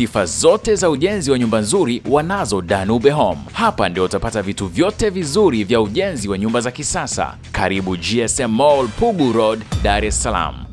Sifa zote za ujenzi wa nyumba nzuri wanazo Danube Home. Hapa ndio utapata vitu vyote vizuri vya ujenzi wa nyumba za kisasa. Karibu GSM Mall, Pugu Road, Dar es Salaam.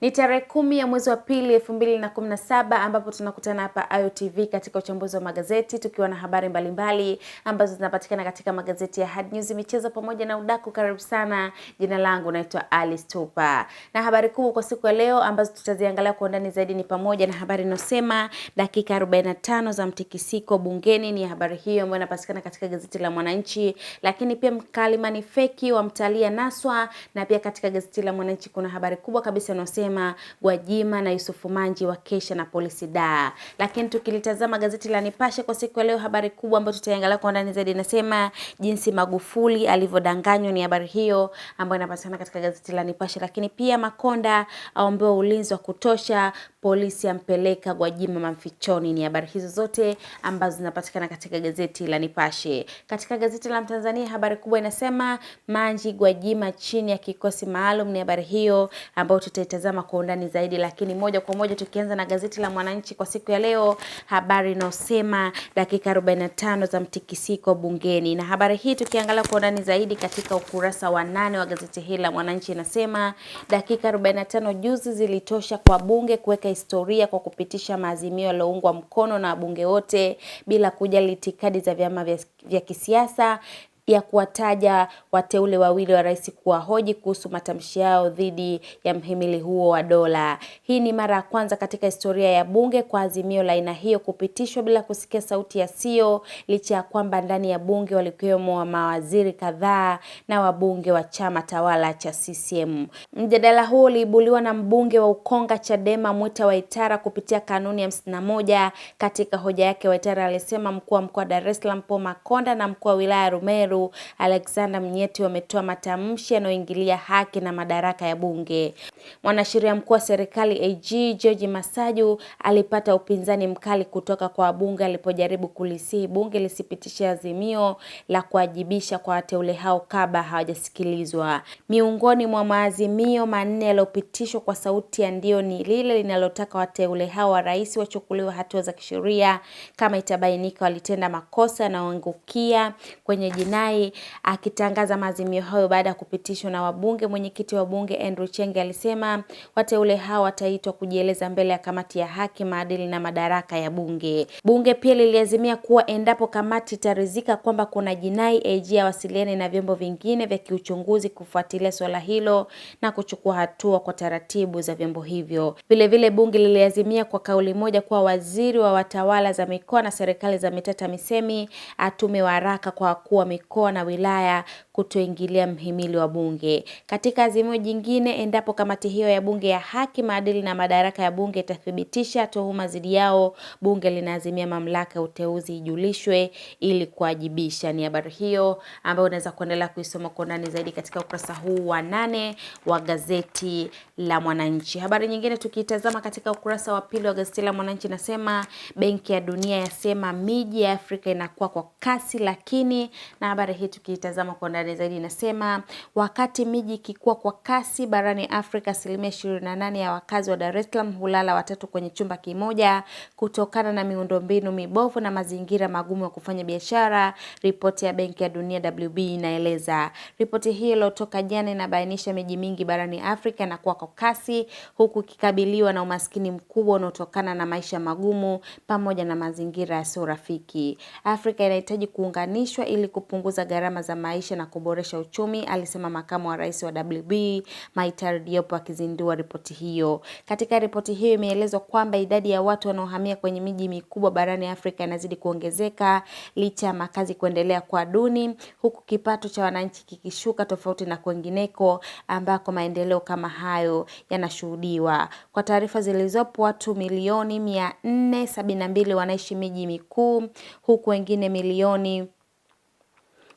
Ni tarehe kumi ya mwezi wa pili elfu mbili na kumi na saba ambapo tunakutana hapa Ayo katika uchambuzi wa magazeti tukiwa na habari mbalimbali mbali, ambazo zinapatikana katika magazeti ya Hard News, michezo pamoja na udaku. Karibu sana, jina langu naitwa Alice Tupa, na habari kuu kwa siku ya leo ambazo tutaziangalia kwa undani zaidi ni pamoja na habari inayosema dakika 45 za mtikisiko bungeni, ni habari hiyo ambayo inapatikana katika gazeti la Mwananchi, lakini pia mkalimani feki wa mtalia naswa, na pia katika gazeti la Mwananchi kuna habari kubwa kabisa inayosema anasema Gwajima na Yusufu Manji wakesha na polisi da. Lakini tukilitazama gazeti la Nipashe kwa siku ya leo, habari kubwa ambayo tutaangalia kwa ndani zaidi inasema jinsi Magufuli alivyodanganywa. Ni habari hiyo ambayo inapatikana katika gazeti la Nipashe. Lakini pia Makonda aombewa ulinzi wa kutosha, polisi ampeleka Gwajima mafichoni, Ni habari hizo zote ambazo zinapatikana katika gazeti la Nipashe. Katika gazeti la Mtanzania habari kubwa inasema Manji Gwajima chini ya kikosi maalum. Ni habari hiyo ambayo tutaitazama tutazitazama kwa undani zaidi, lakini moja kwa moja tukianza na gazeti la Mwananchi kwa siku ya leo, habari inaosema dakika 45 za mtikisiko bungeni. Na habari hii tukiangalia kwa undani zaidi katika ukurasa wa nane wa gazeti hili la Mwananchi inasema dakika 45 juzi zilitosha kwa bunge kuweka historia kwa kupitisha maazimio yaliyoungwa mkono na wabunge wote bila kujali itikadi za vyama vya, vya kisiasa ya kuwataja wateule wawili wa rais kuwahoji kuhusu matamshi yao dhidi ya mhimili huo wa dola. Hii ni mara ya kwanza katika historia ya bunge kwa azimio la aina hiyo kupitishwa bila kusikia sauti ya sio, licha ya kwamba ndani ya bunge walikuwemo wa mawaziri kadhaa na wabunge wa chama tawala cha CCM. Mjadala huo uliibuliwa na mbunge wa Ukonga Chadema Mwita Waitara kupitia kanuni ya moja. Katika hoja yake, Waitara alisema mkuu wa mkoa Dar es Salaam Paul Makonda na mkuu wa wilaya Rumeru Heru Alexander Mnyeti wametoa matamshi yanayoingilia haki na madaraka ya bunge. Mwanasheria mkuu wa serikali AG George Masaju alipata upinzani mkali kutoka kwa wabunge alipojaribu kulisihi bunge lisipitishe azimio la kuwajibisha kwa wateule hao kabla hawajasikilizwa. Miongoni mwa maazimio manne yaliyopitishwa kwa sauti ya ndio ni lile linalotaka wateule hao wa rais wachukuliwe hatua za kisheria kama itabainika walitenda makosa yanayoangukia kwenye jinai naye akitangaza maazimio hayo baada ya kupitishwa na wabunge, mwenyekiti wa bunge Andrew Chenge alisema wateule hao wataitwa kujieleza mbele ya kamati ya haki, maadili na madaraka ya bunge. Bunge pia liliazimia kuwa endapo kamati itaridhika kwamba kuna jinai, AG awasiliane na vyombo vingine vya kiuchunguzi kufuatilia swala hilo na kuchukua hatua kwa taratibu za vyombo hivyo. Vilevile bunge liliazimia kwa kauli moja kuwa waziri wa watawala za mikoa na serikali za mitaa TAMISEMI atume waraka kwa wakuu wa mikoa mikoa na wilaya kutoingilia mhimili wa bunge. Katika azimio jingine, endapo kamati hiyo ya bunge ya haki, maadili na madaraka ya bunge itathibitisha tuhuma dhidi yao, bunge linaazimia mamlaka ya uteuzi ijulishwe ili kuwajibisha. Ni habari hiyo ambayo unaweza kuendelea kuisoma kwa undani zaidi katika ukurasa huu wa nane wa gazeti la Mwananchi. Habari nyingine tukitazama katika ukurasa wa pili wa gazeti la Mwananchi nasema Benki ya Dunia yasema miji ya Afrika inakuwa kwa kasi, lakini na habari hii tukiitazama kwa undani habari zaidi inasema wakati miji ikikua kwa kasi barani Afrika, asilimia ishirini na nane ya wakazi wa Dar es Salaam hulala watatu kwenye chumba kimoja kutokana na miundombinu mibovu na mazingira magumu ya kufanya biashara, ripoti ya Benki ya Dunia WB inaeleza. Ripoti hiyo iliyotoka jana inabainisha miji mingi barani Afrika inakuwa kwa kasi huku ikikabiliwa na umaskini mkubwa unaotokana na maisha magumu pamoja na mazingira yasiyo rafiki. Afrika inahitaji kuunganishwa ili kupunguza gharama za maisha na kuboresha uchumi, alisema makamu wa rais wa WB Maitar Diop akizindua ripoti hiyo. Katika ripoti hiyo imeelezwa kwamba idadi ya watu wanaohamia kwenye miji mikubwa barani Afrika inazidi kuongezeka licha ya makazi kuendelea kwa duni, huku kipato cha wananchi kikishuka tofauti na kwengineko ambako maendeleo kama hayo yanashuhudiwa. Kwa taarifa zilizopo, watu milioni 472 wanaishi miji mikuu huku wengine milioni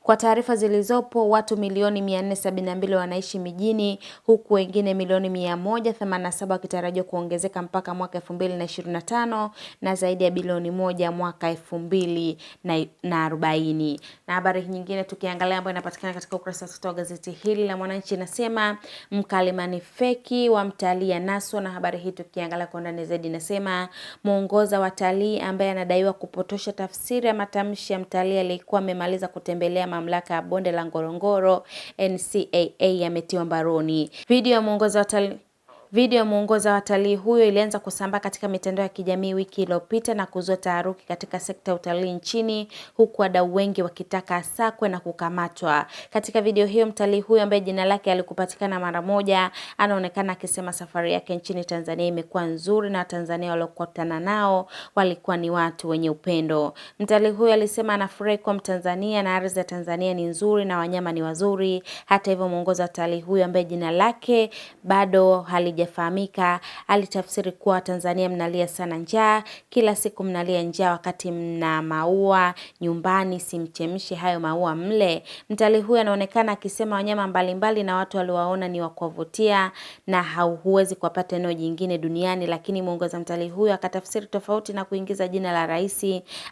kwa taarifa zilizopo, watu milioni 472 wanaishi mijini huku wengine milioni 187 wakitarajiwa kuongezeka mpaka mwaka 2025 na zaidi ya bilioni moja mwaka 2040. Na habari nyingine tukiangalia ambayo inapatikana katika ukurasa wa sita wa gazeti hili la Mwananchi inasema mkalimani feki wa mtalii anaswa. Na habari hii tukiangalia kwa undani zaidi inasema mwongoza watalii ambaye anadaiwa kupotosha tafsiri ya matamshi ya mtalii aliyekuwa amemaliza kutembelea mamlaka ya bonde la Ngorongoro NCAA yametiwa mbaroni. Video ya mwongozo wa Video ya muongoza watalii huyo ilianza kusambaa katika mitandao ya kijamii wiki iliyopita na kuzua taharuki katika sekta ya utalii nchini, huku wadau wengi wakitaka asakwe na kukamatwa. Katika video hiyo, mtalii huyo ambaye jina lake alikupatikana mara moja, anaonekana akisema safari yake nchini Tanzania imekuwa nzuri na Watanzania waliokutana nao walikuwa ni watu wenye upendo. Mtalii huyo alisema anafurahi kuwa Mtanzania na ardhi ya Tanzania ni nzuri na wanyama ni wazuri. Hata hivyo, muongoza watalii huyo ambaye jina lake bado halija haijafahamika, alitafsiri kuwa Tanzania mnalia sana njaa, kila siku mnalia njaa wakati mna maua nyumbani, simchemshe hayo maua mle. Mtalii huyu anaonekana akisema wanyama mbalimbali mbali na watu waliowaona ni wakuvutia na huwezi kuwapata eneo jingine duniani, lakini mwongoza mtalii huyu akatafsiri tofauti na kuingiza jina la rais.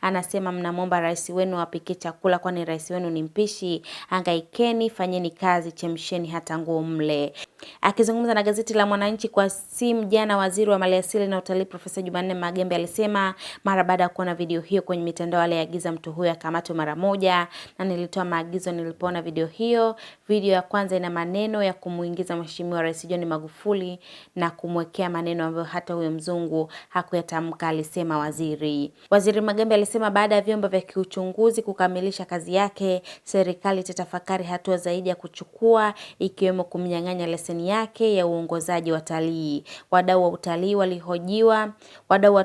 Anasema mnamwomba rais wenu apike chakula, kwani rais wenu ni mpishi. Hangaikeni, fanyeni kazi, chemsheni hata nguo mle. Akizungumza na gazeti la Mwananchi wananchi kwa simu jana, waziri wa maliasili na utalii Profesa Jumanne Magembe alisema mara baada ya kuona video hiyo kwenye mitandao aliagiza mtu huyo akamatwe mara moja, na nilitoa maagizo nilipoona video hiyo. Video ya kwanza ina maneno ya kumuingiza Mheshimiwa Rais John Magufuli na kumwekea maneno ambayo hata huyo mzungu hakuyatamka, alisema waziri. Waziri Magembe alisema baada ya vyombo vya kiuchunguzi kukamilisha kazi yake, serikali itatafakari hatua zaidi ya kuchukua, ikiwemo kumnyang'anya leseni yake ya uongozaji wa watalii. Wadau wa utalii walihojiwa, wadau wa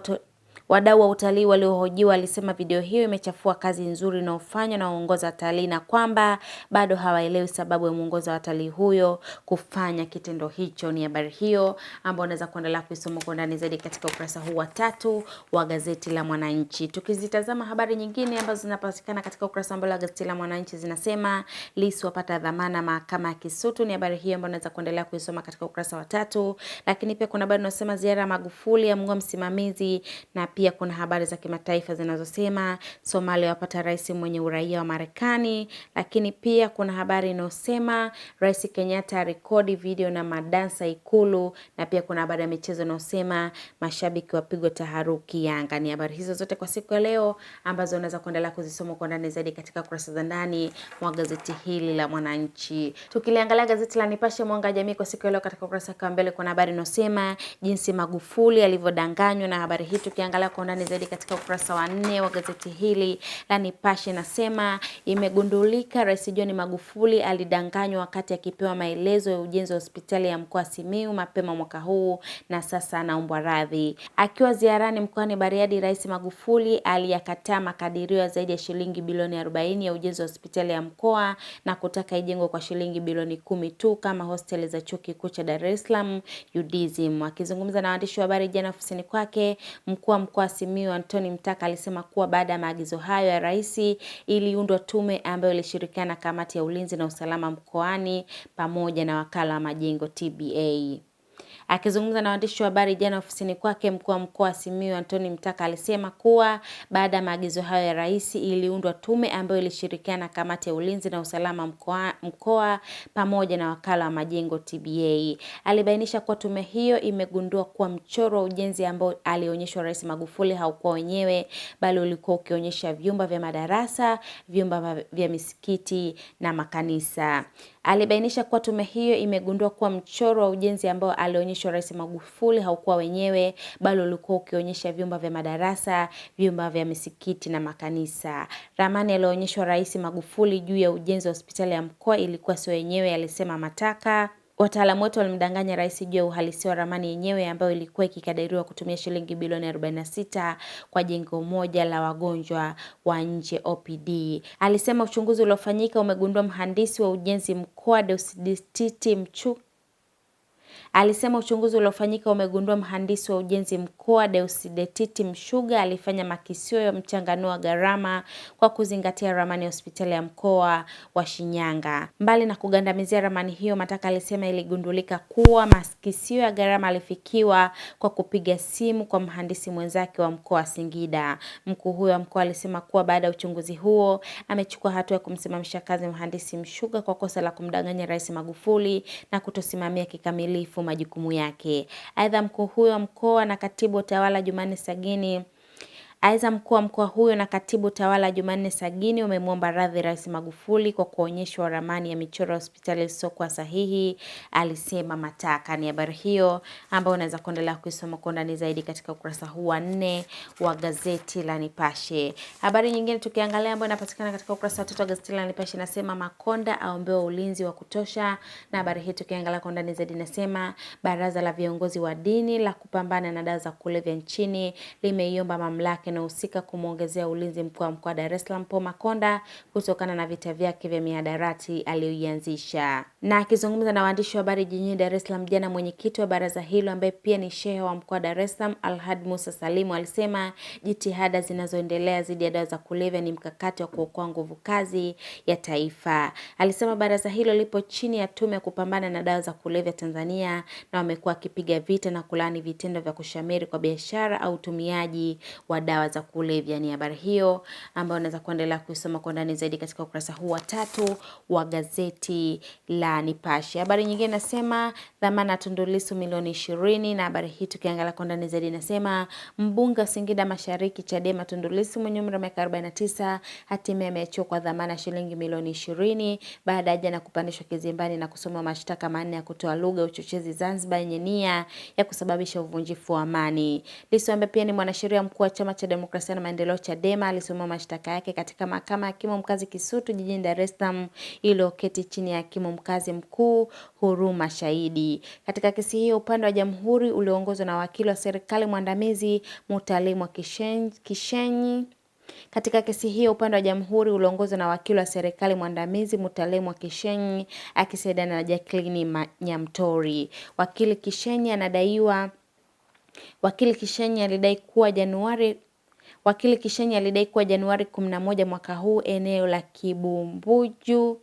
Wadau wa utalii waliohojiwa walisema video hiyo imechafua kazi nzuri inayofanywa na uongozi watalii na kwamba bado hawaelewi sababu ya mwongozo watalii huyo kufanya kitendo hicho. Ni habari hiyo ambayo unaweza kuendelea kuisoma kwa ndani zaidi katika ukurasa huu wa tatu wa gazeti la Mwananchi. Tukizitazama habari nyingine ambazo zinapatikana katika ukurasa wa mbele wa gazeti la Mwananchi zinasema Lissu wapata dhamana mahakama ya Kisutu. Ni habari hiyo ambayo unaweza kuendelea kuisoma katika ukurasa wa tatu, lakini pia kuna habari inasema ziara ya Magufuli amng'oa msimamizi na pia kuna habari za kimataifa zinazosema Somalia wapata rais mwenye uraia wa Marekani, lakini pia kuna habari inayosema Rais Kenyatta rekodi video na madansa Ikulu, na pia kuna habari ya michezo inayosema mashabiki wapigwa taharuki Yanga. Ni habari hizo zote kwa siku ya leo ambazo unaweza kuendelea kuzisoma kwa ndani zaidi katika kurasa za ndani mwa gazeti hili la Mwananchi. Tukiliangalia gazeti la Nipashe mwanga jamii kwa siku ya leo, katika ukurasa wa mbele kuna habari inayosema jinsi Magufuli alivyodanganywa, na habari hii tukiangalia Makala kwa undani zaidi katika ukurasa wa nne wa gazeti hili la Nipashe nasema imegundulika Rais John Magufuli alidanganywa wakati akipewa maelezo ya ujenzi wa hospitali ya mkoa Simiu mapema mwaka huu na sasa anaombwa radhi. Akiwa ziarani mkoani Bariadi, Rais Magufuli aliyakataa makadirio ya zaidi ya shilingi bilioni 40 ya ujenzi wa hospitali ya mkoa na kutaka ijengwe kwa shilingi bilioni kumi tu kama hosteli za Chuo Kikuu cha Dar es Salaam UDSM. Akizungumza na waandishi wa habari jana ofisini kwake mkuu wa aliyekuwa Simiyu Antoni Mtaka alisema kuwa baada ya maagizo hayo ya rais, iliundwa tume ambayo ilishirikiana kamati ya ulinzi na usalama mkoani pamoja na wakala wa majengo TBA. Akizungumza na waandishi wa habari jana ofisini kwake, mkuu wa mkoa wa Simiyu Antony Mtaka alisema kuwa baada ya maagizo hayo ya rais, iliundwa tume ambayo ilishirikiana na kamati ya ulinzi na usalama mkoa, mkoa pamoja na wakala wa majengo TBA. Alibainisha kuwa tume hiyo imegundua kuwa mchoro wa ujenzi ambao alionyeshwa Rais Magufuli haukuwa wenyewe, bali ulikuwa ukionyesha vyumba vya madarasa, vyumba vya misikiti na makanisa. Alibainisha kuwa tume hiyo imegundua kuwa mchoro wa ujenzi ambao alionyeshwa Rais Magufuli haukuwa wenyewe, bali ulikuwa ukionyesha vyumba vya madarasa, vyumba vya misikiti na makanisa. Ramani alionyeshwa Rais Magufuli juu ya ujenzi wa hospitali ya mkoa ilikuwa sio yenyewe, alisema Mataka. Wataalamu wetu walimdanganya rais juu ya uhalisia wa ramani yenyewe ambayo ilikuwa ikikadiriwa kutumia shilingi bilioni 46 kwa jengo moja la wagonjwa wa nje OPD. Alisema uchunguzi uliofanyika umegundua mhandisi wa ujenzi mkoa Deusdedit Mchuu alisema uchunguzi uliofanyika umegundua mhandisi wa ujenzi mkoa deusidetiti mshuga alifanya makisio ya mchanganuo wa gharama kwa kuzingatia ramani ya hospitali ya mkoa wa Shinyanga. Mbali na kugandamizia ramani hiyo, Mataka alisema iligundulika kuwa makisio ya gharama alifikiwa kwa kupiga simu kwa mhandisi mwenzake wa mkoa wa Singida. Mkuu huyo wa mkoa alisema kuwa baada ya uchunguzi huo amechukua hatua ya kumsimamisha kazi mhandisi mshuga kwa kosa la kumdanganya Rais Magufuli na kutosimamia kikamilifu majukumu yake. Aidha, mkuu huyo wa mkoa na katibu wa utawala Jumanne Sagini Aidha, mkuu wa mkoa huyo na katibu tawala Jumanne Sagini wamemwomba radhi Rais Magufuli kwa kuonyeshwa ramani ya michoro ya hospitali isiyokuwa sahihi, alisema Mataka. Ni habari hiyo ambayo unaweza kuendelea kuisoma kwa undani zaidi katika ukurasa huu wa nne wa gazeti la Nipashe. Habari nyingine tukiangalia, ambayo inapatikana katika ukurasa wa tatu wa gazeti la Nipashe inasema Makonda aombewa ulinzi wa kutosha, na habari hii tukiangalia kwa undani zaidi inasema baraza la viongozi wa dini la kupambana na dawa za kulevya nchini limeiomba mamlaka yanahusika kumwongezea ulinzi mkuu wa mkoa wa Dar es Salaam Paul Makonda kutokana na vita vyake vya mihadarati aliyoianzisha. Na akizungumza na waandishi wa habari jijini Dar es Salaam jana, mwenyekiti wa baraza hilo ambaye pia ni shehe wa mkoa wa Dar es Salaam Alhad Musa Salimu alisema jitihada zinazoendelea dhidi ya dawa za kulevya ni mkakati wa kuokoa nguvu kazi ya taifa. Alisema baraza hilo lipo chini ya tume ya kupambana na dawa za kulevya Tanzania na wamekuwa wakipiga vita na kulaani vitendo vya kushamiri kwa biashara au utumiaji wa dawa dawa za kulevya. Ni habari hiyo ambayo unaweza kuendelea kuisoma kwa ndani zaidi katika ukurasa huu wa tatu wa gazeti la Nipashe. Habari nyingine nasema dhamana Tundu Lissu milioni ishirini, na habari hii tukiangalia kwa ndani zaidi nasema mbunge wa Singida Mashariki Chadema Tundu Lissu mwenye umri wa miaka 49 hatimaye ameachiwa kwa dhamana shilingi milioni ishirini baada ya jana kupandishwa kizimbani na kusoma mashtaka manne ya kutoa lugha ya uchochezi Zanzibar yenye nia ya kusababisha uvunjifu wa amani. Lissu ambaye pia ni mwanasheria mkuu wa chama cha cha Demokrasia na Maendeleo Chadema alisoma mashtaka yake katika mahakama ya hakimu mkazi Kisutu jijini Dar es Salaam iliyoketi chini ya hakimu mkazi mkuu Huruma Shahidi. Katika kesi hiyo, upande wa jamhuri ulioongozwa na wakili wa serikali mwandamizi Mutalimwa Kishenyi katika kesi hiyo upande wa jamhuri uliongozwa na wakili wa serikali mwandamizi Mutalemwa Kishenyi akisaidiana na Jacqueline Nyamtori. Wakili Kishenyi anadaiwa Wakili Kishenyi alidai kuwa Januari Wakili Kishenye alidai kuwa Januari 11 mwaka huu eneo la Kibumbuju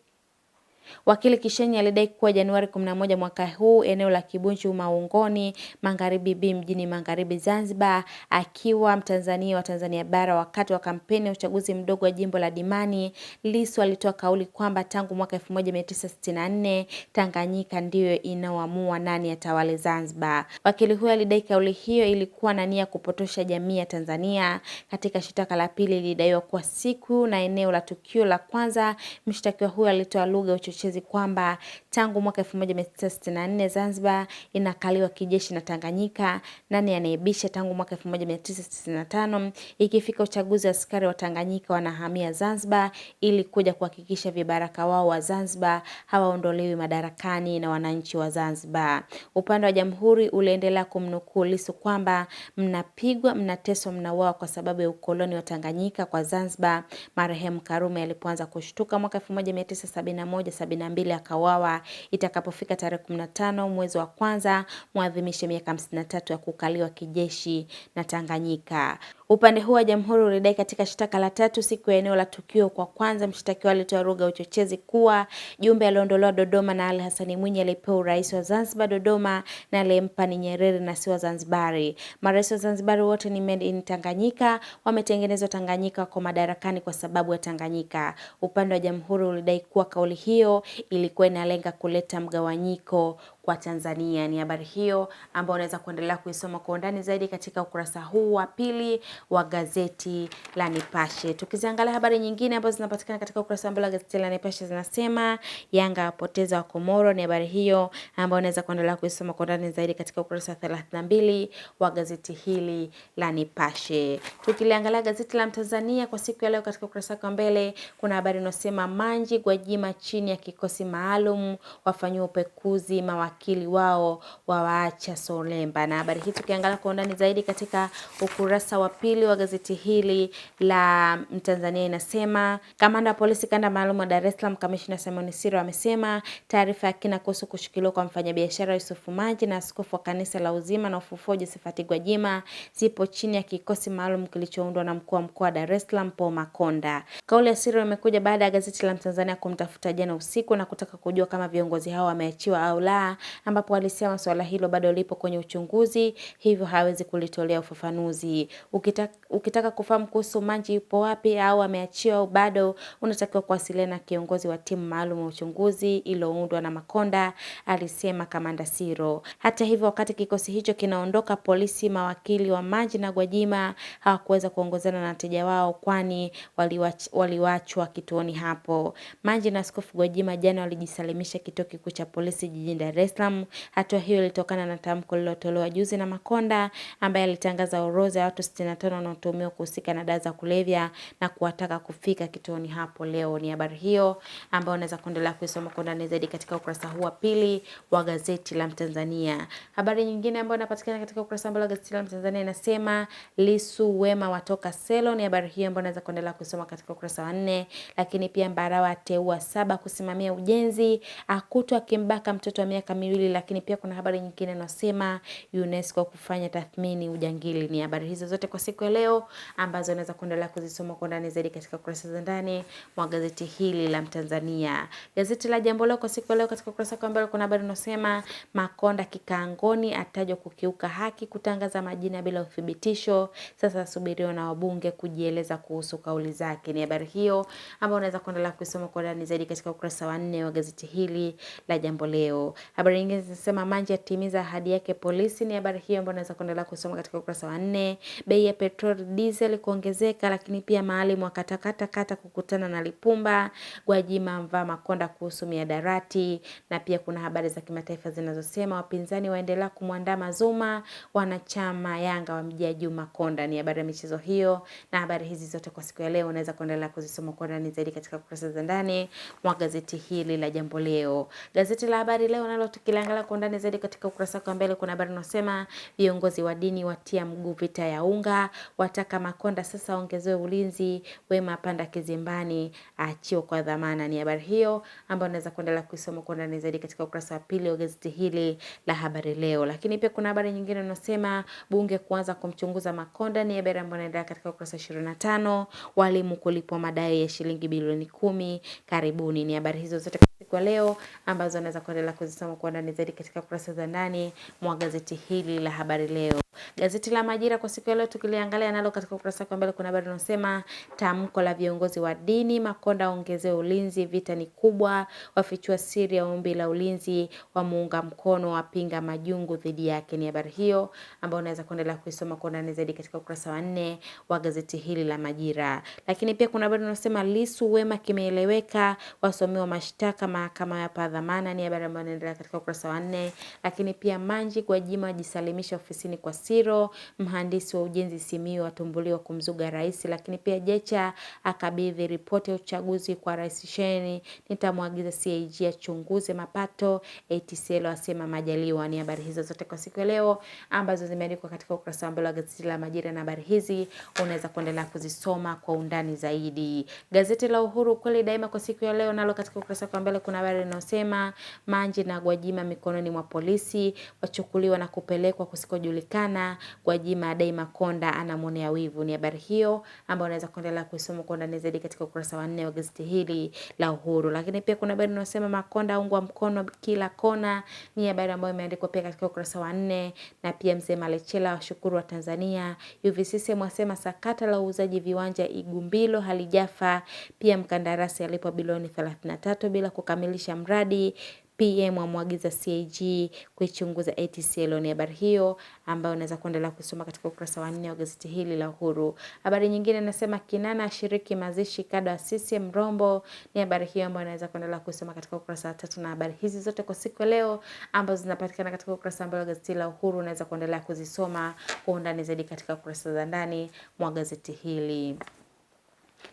Wakili Kishenyi alidai kuwa Januari 11 mwaka huu eneo la Kibunju Maungoni, Magharibi B mjini Magharibi Zanzibar, akiwa Mtanzania wa Tanzania bara wakati wa kampeni ya uchaguzi mdogo wa jimbo la Dimani, Lissu alitoa kauli kwamba tangu mwaka 1964 Tanganyika ndiyo inaoamua nani atawale Zanzibar. Wakili huyo alidai kauli hiyo ilikuwa na nia kupotosha jamii ya Tanzania. Katika shitaka la pili, ilidaiwa kuwa siku na eneo la tukio la kwanza, mshtakiwa huyo alitoa lugha uchochezi kwamba tangu mwaka 1964 Zanzibar inakaliwa kijeshi na Tanganyika. Nani anaibisha? Tangu mwaka 1965 ikifika uchaguzi, askari wa Tanganyika wanahamia Zanzibar ili kuja kuhakikisha vibaraka wao wa Zanzibar hawaondolewi madarakani na wananchi wa Zanzibar. Upande wa jamhuri uliendelea kumnukuu Lissu kwamba mnapigwa, mnateswa, mnauawa kwa sababu ya ukoloni wa Tanganyika kwa Zanzibar. Marehemu Karume alipoanza kushtuka mwaka 1971 mbili akauawa. Itakapofika tarehe kuminatano mwezi wa kwanza mwadhimishe miaka 5tatu ya kukaliwa kijeshi na Tanganyika. Upande huo wa jamhuri ulidai katika shtaka la tatu siku ya eneo la tukio kwa kwanza, mshtakiwa alitoa lugha ya uchochezi kuwa Jumbe aliondolewa Dodoma na Ali Hassan Mwinyi alipewa urais wa Zanzibar Dodoma na aliyempa ni Nyerere na si wa Zanzibari. Marais wa Zanzibari wote ni made in Tanganyika, wametengenezwa Tanganyika, kwa madarakani kwa sababu ya Tanganyika. Upande wa jamhuri ulidai kuwa kauli hiyo ilikuwa inalenga kuleta mgawanyiko kwa Tanzania. Ni habari hiyo ambayo unaweza kuendelea kuisoma kwa undani zaidi katika ukurasa huu wa pili wa gazeti la Nipashe. Tukiziangalia habari nyingine ambazo zinapatikana katika ukurasa wa mbele wa gazeti la Nipashe zinasema Yanga apoteza wa Komoro. Ni habari hiyo ambayo unaweza kuendelea kuisoma kwa undani zaidi katika ukurasa 32 wa gazeti hili la Nipashe. Tukiliangalia gazeti la Mtanzania kwa siku ya leo katika ukurasa wa mbele kuna habari inayosema Manji Gwajima chini ya kikosi maalum wafanyiwa upekuzi mawakili mawakili wao wawaacha solemba. Na habari hii tukiangalia kwa undani zaidi katika ukurasa wa pili wa gazeti hili la Mtanzania inasema kamanda wa polisi kanda maalum wa Dar es Salaam Kamishna Simon Siro amesema taarifa ya kina kuhusu kushikiliwa kwa mfanyabiashara Yusuf Maji na askofu wa kanisa la Uzima na Ufufuo Josephat Gwajima zipo chini ya kikosi maalum kilichoundwa na mkuu wa mkoa wa Dar es Salaam Paul Makonda. Kauli ya Siro imekuja baada ya gazeti la Mtanzania kumtafuta jana usiku na kutaka kujua kama viongozi hao wameachiwa au la, ambapo alisema swala hilo bado lipo kwenye uchunguzi, hivyo hawezi kulitolea ufafanuzi. Ukitaka, ukitaka kufahamu kuhusu Manji yupo wapi au ameachiwa au bado, unatakiwa kuwasiliana na kiongozi wa timu maalum ya uchunguzi iliyoundwa na Makonda, alisema Kamanda Siro. Hata hivyo, wakati kikosi hicho kinaondoka, polisi, mawakili wa Manji na Gwajima hawakuweza kuongozana na wateja wao, kwani waliwachwa kituoni hapo. Manji na Askofu Gwajima jana walijisalimisha kituo kikuu cha polisi jijini Dar es Islam. Hatua hiyo ilitokana na tamko lililotolewa juzi na Makonda ambaye alitangaza orodha ya watu 65 wanaotuhumiwa kuhusika na dawa za kulevya na kuwataka kufika kituoni hapo leo. Ni habari hiyo ambayo unaweza kuendelea kuisoma kwa undani zaidi katika ukurasa huu wa pili wa gazeti la Mtanzania. Habari nyingine ambayo inapatikana katika ukurasa wa gazeti la Mtanzania inasema Lisu Wema watoka selo. Ni habari hiyo ambayo unaweza kuendelea kusoma katika ukurasa wa nne. Lakini pia Mbarawa ateua saba kusimamia ujenzi, akutwa akimbaka mtoto wa miaka miwili, lakini pia kuna habari nyingine inasema UNESCO kufanya tathmini ujangili. Ni habari hizo zote kwa siku ya leo ambazo unaweza kuendelea kuzisoma kwa ndani zaidi katika kurasa za ndani mwa gazeti hili la Mtanzania. Gazeti la Jambo Leo kwa siku ya leo katika kurasa kwa mbele kuna habari inasema Makonda kikaangoni atajwa kukiuka haki kutangaza majina bila uthibitisho, sasa subiriwa na wabunge kujieleza kuhusu kauli zake. Ni habari hiyo ambayo unaweza kuendelea kusoma kwa ndani zaidi katika ukurasa wa nne wa gazeti hili la Jambo Leo. Habari habari nyingine zinasema Manje atimiza ahadi yake polisi. Ni habari hiyo ambayo unaweza kuendelea kusoma katika ukurasa wa nne. Bei ya petroli diesel kuongezeka, lakini pia Maalim wakatakata kata kukutana na Lipumba. Gwajima mvaa Makonda kuhusu miadarati, na pia kuna habari za kimataifa zinazosema wapinzani waendelea kumwandama Zuma, wanachama Yanga wamjia juu Makonda. Ni habari ya michezo hiyo, na habari hizi zote kwa siku ya leo unaweza kuendelea kuzisoma kwa ndani zaidi katika kurasa za ndani mwa gazeti hili la Jambo Leo. Gazeti la Habari Leo nalo Tukilangalia kwa undani zaidi katika ukurasa wa mbele, kuna habari inasema viongozi wa dini watia mguu vita ya unga, wataka Makonda sasa ongezewe ulinzi, Wema panda kizimbani, achio kwa dhamana. Ni habari hiyo ambayo unaweza kuendelea kusoma kwa undani zaidi katika ukurasa wa pili wa gazeti hili la Habari Leo. Lakini pia kuna habari nyingine inasema bunge kuanza kumchunguza Makonda, ni habari ambayo inaendelea katika ukurasa 25, walimu kulipwa madai ya shilingi bilioni kumi karibuni. Ni habari hizo zote ya leo ambazo anaweza kuendelea kuzisoma kwa ndani zaidi katika kurasa za ndani mwa gazeti hili la Habari Leo. Gazeti la Majira kwa siku ya leo tukiliangalia nalo katika ukurasa wa mbele kuna habari inasema tamko la viongozi wa dini, Makonda aongezewe ulinzi, vita ni kubwa, wafichua siri ya ombi la ulinzi, wa muunga mkono, wapinga majungu dhidi yake. Ni habari hiyo ambayo unaweza kuendelea kuisoma kwa ndani zaidi katika ukurasa wa nne wa gazeti hili la Majira. Lakini pia kuna habari inasema Lisu wema kimeeleweka, wasomewa mashtaka, mahakama ya padhamana. Ni habari ambayo inaendelea katika ukurasa wa nne. Lakini pia Manji Gwajima ajisalimisha ofisini kwa Wasiro, mhandisi wa ujenzi Simiyu atumbuliwa kumzuga rais, lakini pia Jecha akabidhi ripoti ya uchaguzi kwa Rais Sheni, Nitamwagiza CAG achunguze mapato. ATCL asema Majaliwa. Ni habari hizo zote kwa siku ya leo ambazo zimeandikwa katika ukurasa wa mbele wa gazeti la Majira, na habari hizi unaweza kuendelea kuzisoma kwa undani zaidi. Gazeti la Uhuru kweli daima kwa siku ya leo nalo katika ukurasa wa mbele kuna habari inayosema Manji na Gwajima mikononi mwa polisi, wachukuliwa na kupelekwa kusikojulikana sana kwa Juma Daima Konda anamwonea wivu. Ni habari hiyo ambayo unaweza kuendelea kusoma kwa ndani zaidi katika ukurasa wa nne wa gazeti hili la Uhuru. Lakini pia kuna habari inayosema Makonda aungwa mkono kila kona, ni habari ambayo imeandikwa pia katika ukurasa wa nne, na pia mzee Malechela washukuru wa Tanzania. UVCCM wasema sakata la uuzaji viwanja Igumbilo halijafa. Pia mkandarasi alipwa bilioni 33 bila kukamilisha mradi. PM amwagiza CAG kuichunguza ATCL. Ni habari hiyo ambayo unaweza kuendelea kusoma katika ukurasa wa nne wa gazeti hili la Uhuru. Habari nyingine nasema Kinana ashiriki mazishi kada wa CCM Rombo. Ni habari hiyo ambayo unaweza kuendelea kusoma katika ukurasa wa tatu, na habari hizi zote kwa siku leo ambazo zinapatikana katika ukurasa ambao gazeti la Uhuru unaweza kuendelea kuzisoma kwa undani zaidi katika ukurasa za ndani mwa gazeti hili.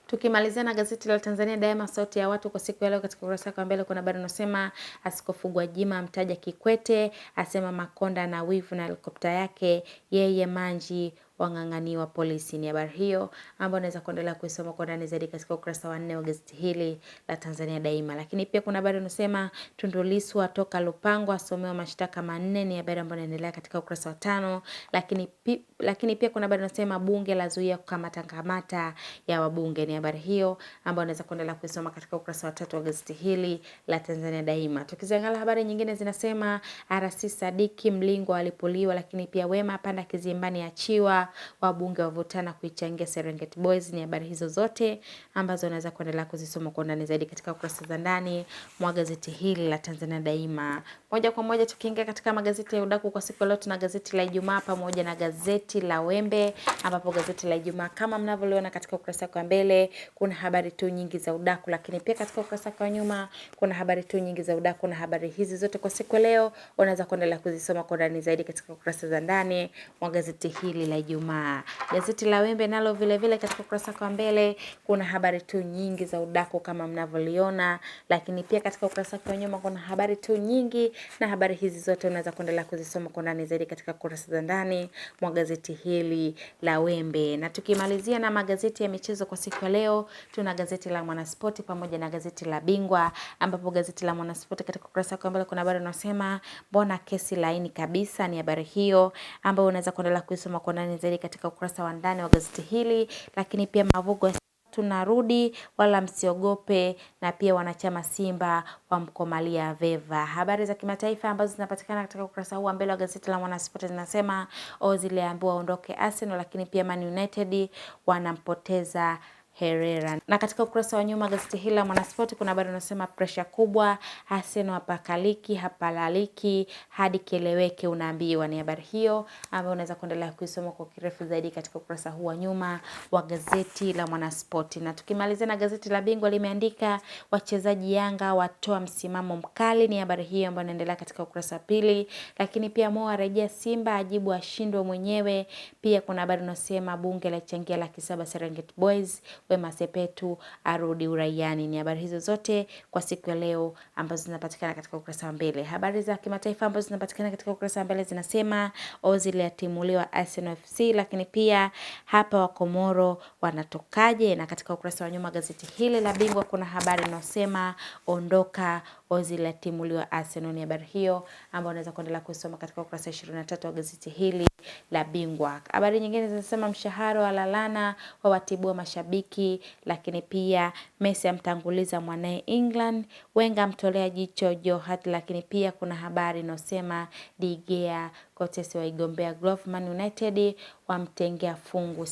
Tukimalizia na gazeti la Tanzania Daima sauti ya watu kwa siku ya leo, katika ukurasa wa mbele kuna habari inasema Askofu Gwajima amtaja Kikwete, asema Makonda na wivu na helikopta yake, yeye Manji wang'ang'aniwa polisi. Ni habari hiyo ambayo unaweza kuendelea kuisoma kwa ndani zaidi katika ukurasa wa nne wa gazeti hili la Tanzania Daima. Lakini pia kuna habari unasema Tundu Lissu atoka Lupango asomewa mashtaka manne, ni habari ambayo inaendelea katika ukurasa wa tano. Lakini, pi, lakini pia kuna habari unasema bunge la zuia kukamata kamata ya wabunge, ni habari hiyo ambayo unaweza kuendelea kuisoma katika ukurasa wa tatu wa gazeti hili la Tanzania Daima. Tukiziangalia habari nyingine zinasema RC Sadiki Mlingo alipuliwa, lakini pia Wema apanda kizimbani achiwa wabunge wavutana kuichangia Serengeti Boys. Ni habari hizo zote ambazo unaweza kuendelea kuzisoma kwa undani zaidi katika kurasa za ndani mwa gazeti hili la Tanzania Daima. Moja kwa moja tukiingia katika magazeti ya udaku kwa siku leo, tuna gazeti la Ijumaa pamoja na gazeti la Wembe, ambapo gazeti la Ijumaa kama mnavyoona katika ukurasa wa mbele kuna habari tu nyingi za udaku, lakini pia katika ukurasa wa nyuma kuna habari tu nyingi za udaku, na habari hizi zote kwa siku leo unaweza kuendelea kuzisoma kwa undani zaidi katika ukurasa za ndani mwa gazeti hili la Ijumaa. Ijumaa. Gazeti la Wembe nalo vile vile katika ukurasa wa mbele kuna habari tu nyingi za udaku kama mnavyoliona, lakini pia katika ukurasa wa nyuma kuna habari tu nyingi, na habari hizi zote unaweza kuendelea kuzisoma kwa ndani zaidi katika kurasa za ndani mwa gazeti hili la Wembe. Na tukimalizia na magazeti ya michezo kwa siku ya leo, tuna gazeti la Mwanaspoti pamoja na gazeti la Bingwa, ambapo gazeti la Mwanaspoti katika ukurasa wa mbele kuna habari unasema mbona kesi laini kabisa, ni habari hiyo ambayo unaweza kuendelea kuisoma kwa ndani zaidi zaidi katika ukurasa wa ndani wa gazeti hili, lakini pia Mavugo tunarudi wala msiogope, na pia wanachama Simba wamkomalia Veva. Habari za kimataifa ambazo zinapatikana katika ukurasa huu wa mbele wa gazeti la Mwanaspoti zinasema Ozil aambiwa aondoke Arsenal, lakini pia Man United wanampoteza Herrera. Na katika ukurasa wa nyuma gazeti hili la Mwanaspoti kuna habari unasema presha kubwa, Arsenal hapakaliki, hapalaliki hadi keleweke, unaambiwa. Ni habari hiyo ambayo unaweza kuendelea kuisoma kwa kirefu zaidi katika ukurasa huu wa nyuma wa gazeti la Mwanaspoti. Na tukimalizia na gazeti la Bingwa limeandika wachezaji Yanga watoa msimamo mkali, ni habari hiyo ambayo inaendelea katika ukurasa pili. Lakini pia Mo arejea Simba ajibu ashindwe mwenyewe. Pia kuna habari unasema bunge la changia laki saba Serengeti Boys Wema Sepetu arudi uraiani. Ni habari hizo zote kwa siku ya leo ambazo zinapatikana katika ukurasa wa mbele. Habari za kimataifa ambazo zinapatikana katika ukurasa wa mbele zinasema Ozil atimuliwa Arsenal FC, lakini pia hapa Wakomoro wanatokaje? Na katika ukurasa wa nyuma gazeti hili la Bingwa kuna habari inayosema ondoka ozi la timu ya Arsenal. Ni habari hiyo ambayo unaweza kuendelea kusoma katika ukurasa 23 wa gazeti hili la Bingwa. Habari nyingine zinasema mshahara wa Lalana wa wa mashabiki, lakini pia Messi amtanguliza mwanaye England, Wenga amtolea jicho Joe Hart, lakini pia kuna habari inayosema De Gea Cotes waigombea Grove, United wamtengea fungu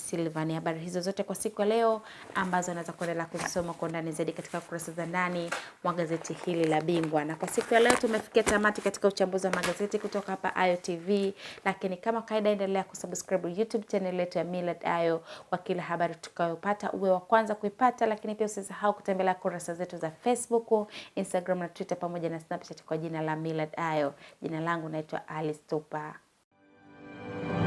ni Habari hizo zote kwa siku ya leo ambazo naweza kuendelea kuzisoma kwa undani zaidi katika kurasa za ndani mwa gazeti hili la Bingwa, na kwa siku ya leo tumefikia tamati katika uchambuzi wa magazeti kutoka hapa Ayo TV, lakini kama kawaida, endelea kusubscribe YouTube channel yetu ya Millard Ayo kwa kila habari tukayopata uwe wa kwanza kuipata, lakini pia usisahau kutembelea kurasa zetu za Facebook, Instagram na Twitter pamoja na Snapchat kwa jina la Millard Ayo. Jina langu naitwa Alice Tupa. Thank you.